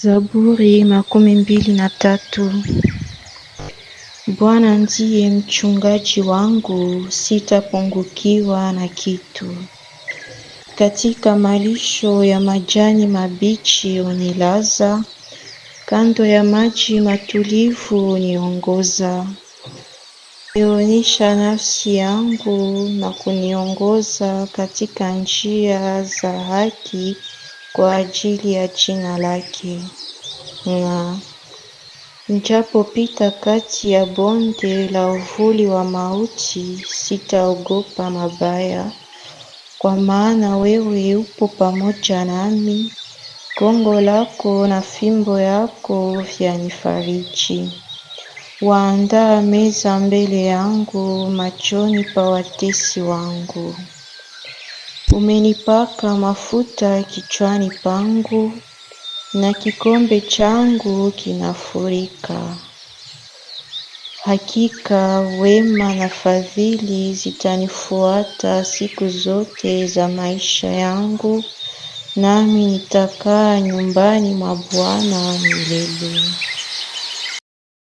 Zaburi makumi mbili na tatu. Bwana ndiye mchungaji wangu, sitapungukiwa na kitu. Katika malisho ya majani mabichi onilaza kando ya maji matulivu huniongoza. Huiosha nafsi yangu na kuniongoza katika njia za haki kwa ajili ya jina lake na nijapopita kati ya bonde la uvuli wa mauti, sitaogopa mabaya, kwa maana wewe upo pamoja nami, gongo lako na fimbo yako vyanifariji. Waandaa meza mbele yangu machoni pa watesi wangu. Umenipaka mafuta kichwani pangu, na kikombe changu kinafurika. Hakika wema na fadhili zitanifuata siku zote za maisha yangu, nami nitakaa nyumbani mwa Bwana milele.